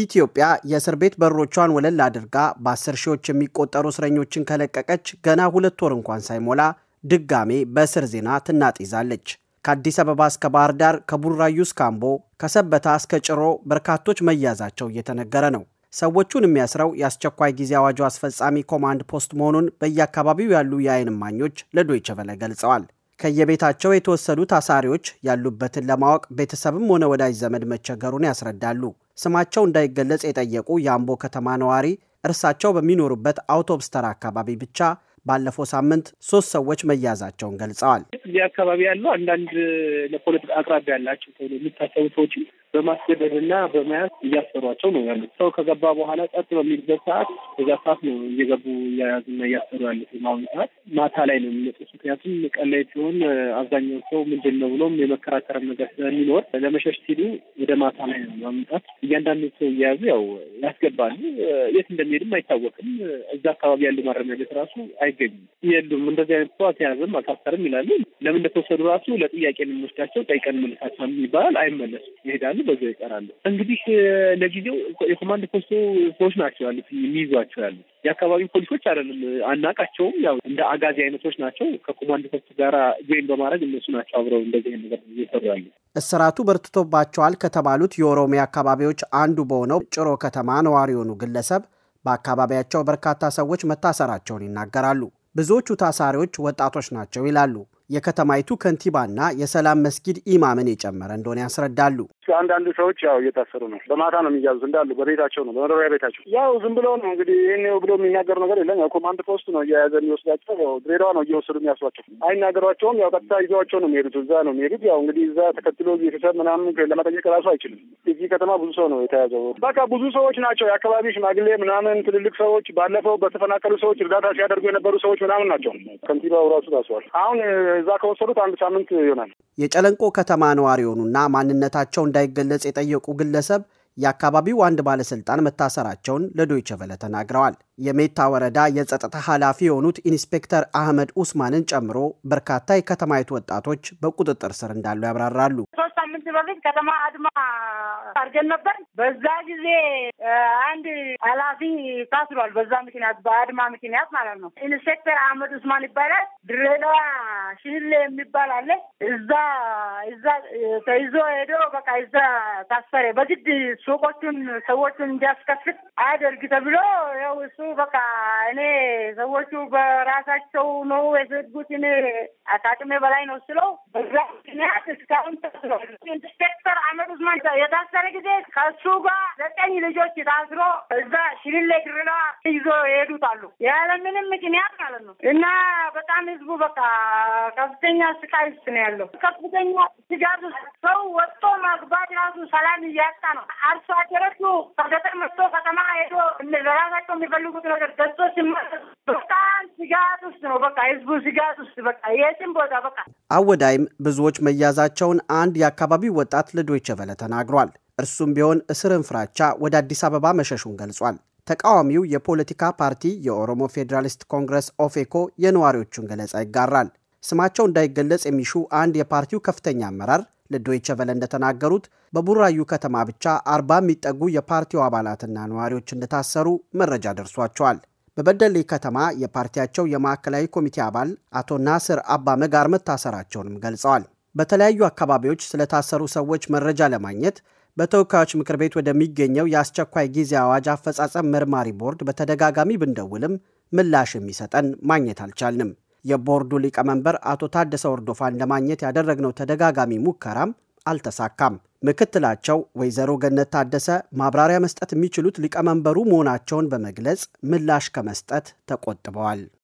ኢትዮጵያ የእስር ቤት በሮቿን ወለል አድርጋ በአስር ሺዎች የሚቆጠሩ እስረኞችን ከለቀቀች ገና ሁለት ወር እንኳን ሳይሞላ ድጋሜ በእስር ዜና ትናጥይዛለች። ከአዲስ አበባ እስከ ባህር ዳር፣ ከቡራዩ እስከ አምቦ፣ ከሰበታ እስከ ጭሮ በርካቶች መያዛቸው እየተነገረ ነው። ሰዎቹን የሚያስረው የአስቸኳይ ጊዜ አዋጁ አስፈጻሚ ኮማንድ ፖስት መሆኑን በየአካባቢው ያሉ የአይን እማኞች ለዶይቸ ገልጸዋል። ከየቤታቸው የተወሰዱ ታሳሪዎች ያሉበትን ለማወቅ ቤተሰብም ሆነ ወዳጅ ዘመድ መቸገሩን ያስረዳሉ። ስማቸው እንዳይገለጽ የጠየቁ የአምቦ ከተማ ነዋሪ እርሳቸው በሚኖሩበት አውቶብስተር አካባቢ ብቻ ባለፈው ሳምንት ሶስት ሰዎች መያዛቸውን ገልጸዋል። እዚህ አካባቢ ያሉ አንዳንድ ለፖለቲካ አቅራቢ ያላቸው ተብሎ የሚታሰቡ ሰዎችም በማስገደድ በማስገደድና በመያዝ እያሰሯቸው ነው ያሉት። ሰው ከገባ በኋላ ጸጥ በሚልበት ሰዓት እዛ ሰዓት ነው እየገቡ እያያዙና እያሰሩ ያሉት። በአሁኑ ሰዓት ማታ ላይ ነው የሚመጡት። ምክንያቱም ቀን ላይ ሲሆን አብዛኛው ሰው ምንድን ነው ብሎም የመከራከር ነገር ስለሚኖር ለመሸሽ ሲሉ ወደ ማታ ላይ ነው በመምጣት እያንዳንዱ ሰው እያያዙ ያው ያስገባሉ። የት እንደሚሄድም አይታወቅም። እዛ አካባቢ ያሉ ማረሚያ ቤት ራሱ አይገኙም፣ የሉም። እንደዚህ አይነት ሰው አተያዘም አልታሰርም ይላሉ። ለምን እንደተወሰዱ ራሱ ለጥያቄ የምንወስዳቸው ጠይቀን መልሳቸው ይባላል። አይመለሱም፣ ይሄዳሉ ስለዚህ በዚያ ይቀራሉ። እንግዲህ ለጊዜው የኮማንድ ፖስቶ ሰዎች ናቸው ያሉት የሚይዟቸው ያሉት የአካባቢ ፖሊሶች አይደለም፣ አናቃቸውም። ያው እንደ አጋዚ አይነቶች ናቸው። ከኮማንድ ፖስቱ ጋር ጆይን በማድረግ እነሱ ናቸው አብረው እንደዚህ ነገር እየሰሩ ያሉ። እስራቱ በርትቶባቸዋል ከተባሉት የኦሮሚያ አካባቢዎች አንዱ በሆነው ጭሮ ከተማ ነዋሪ የሆኑ ግለሰብ በአካባቢያቸው በርካታ ሰዎች መታሰራቸውን ይናገራሉ። ብዙዎቹ ታሳሪዎች ወጣቶች ናቸው ይላሉ። የከተማይቱ ከንቲባና የሰላም መስጊድ ኢማምን የጨመረ እንደሆነ ያስረዳሉ። አንዳንድ ሰዎች ያው እየታሰሩ ነው። በማታ ነው የሚያዙት እንዳሉ በቤታቸው ነው በመኖሪያ ቤታቸው። ያው ዝም ብለው ነው እንግዲህ ይህን ብሎ የሚናገሩ ነገር የለም። ያው ኮማንድ ፖስት ነው እየያዘ የሚወስዳቸው። ያው ድሬዳዋ ነው እየወሰዱ የሚያስሯቸው። አይናገሯቸውም። ያው ቀጥታ ይዘዋቸው ነው የሚሄዱት። እዛ ነው የሚሄዱት። ያው እንግዲህ እዛ ተከትሎ ቤተሰብ ምናምን ለመጠየቅ ራሱ አይችልም። እዚህ ከተማ ብዙ ሰው ነው የተያዘው። በቃ ብዙ ሰዎች ናቸው። የአካባቢ ሽማግሌ ምናምን፣ ትልልቅ ሰዎች፣ ባለፈው በተፈናቀሉ ሰዎች እርዳታ ሲያደርጉ የነበሩ ሰዎች ምናምን ናቸው። ከንቲባው ራሱ ታስሯል አሁን እዛ ከወሰዱት አንድ ሳምንት ይሆናል። የጨለንቆ ከተማ ነዋሪ የሆኑና ማንነታቸው እንዳይገለጽ የጠየቁ ግለሰብ የአካባቢው አንድ ባለስልጣን መታሰራቸውን ለዶይቸ ቨለ ተናግረዋል። የሜታ ወረዳ የጸጥታ ኃላፊ የሆኑት ኢንስፔክተር አህመድ ኡስማንን ጨምሮ በርካታ የከተማይቱ ወጣቶች በቁጥጥር ስር እንዳሉ ያብራራሉ። ሶስት ሳምንት በፊት ከተማ አድማ አድርገን ነበር። በዛ ጊዜ አንድ ኃላፊ ታስሯል። በዛ ምክንያት በአድማ ምክንያት ማለት ነው። ኢንስፔክተር አህመድ ኡስማን ይባላል። ድሬዳዋ ሽህል የሚባል አለ። እዛ እዛ ተይዞ ሄዶ በቃ እዛ ታሰረ። በግድ ሱቆቹን ሰዎቹን እንዲያስከፍት አያደርግ ተብሎ ያው እሱ በቃ እኔ ሰዎቹ በራሳቸው ነው የዘጉት። እኔ ከአቅሜ በላይ ነው ስለው በዛ ምክንያት እስካሁን ታስሯል። ኢንስፔክተር አህመድ ኡስማን የታሰረ ጊዜ ከሱ ጋር ዘጠኝ ልጆች ታስሮ እዛ ሽልሌ ድርላ ይዞ የሄዱት ያለ ምንም ምክንያት ማለት ነው። እና በጣም ህዝቡ በቃ ከፍተኛ ስቃይ ውስጥ ነው ያለው። ከፍተኛ ስጋት ውስጥ ሰው ወጥቶ ማግባት ራሱ ሰላም እያጣ ነው። አርሶ አደሮቹ ከገጠ የሚፈልጉት ነገር ገጾ በጣም ስጋት ውስጥ ነው። በቃ ህዝቡ ስጋት ውስጥ በቃ የትም ቦታ በቃ አወዳይም ብዙዎች መያዛቸውን አንድ የአካባቢው ወጣት ለዶይቸ ቬለ ተናግሯል። እርሱም ቢሆን እስርን ፍራቻ ወደ አዲስ አበባ መሸሹን ገልጿል። ተቃዋሚው የፖለቲካ ፓርቲ የኦሮሞ ፌዴራሊስት ኮንግረስ ኦፌኮ የነዋሪዎቹን ገለጻ ይጋራል። ስማቸው እንዳይገለጽ የሚሹ አንድ የፓርቲው ከፍተኛ አመራር ለዶይቸ ቨለ እንደተናገሩት በቡራዩ ከተማ ብቻ አርባ የሚጠጉ የፓርቲው አባላትና ነዋሪዎች እንደታሰሩ መረጃ ደርሷቸዋል። በበደሌ ከተማ የፓርቲያቸው የማዕከላዊ ኮሚቴ አባል አቶ ናስር አባ መጋር መታሰራቸውንም ገልጸዋል። በተለያዩ አካባቢዎች ስለታሰሩ ሰዎች መረጃ ለማግኘት በተወካዮች ምክር ቤት ወደሚገኘው የአስቸኳይ ጊዜ አዋጅ አፈጻጸም መርማሪ ቦርድ በተደጋጋሚ ብንደውልም ምላሽ የሚሰጠን ማግኘት አልቻልንም። የቦርዱ ሊቀመንበር አቶ ታደሰ ወርዶፋን ለማግኘት ያደረግነው ተደጋጋሚ ሙከራም አልተሳካም። ምክትላቸው ወይዘሮ ገነት ታደሰ ማብራሪያ መስጠት የሚችሉት ሊቀመንበሩ መሆናቸውን በመግለጽ ምላሽ ከመስጠት ተቆጥበዋል።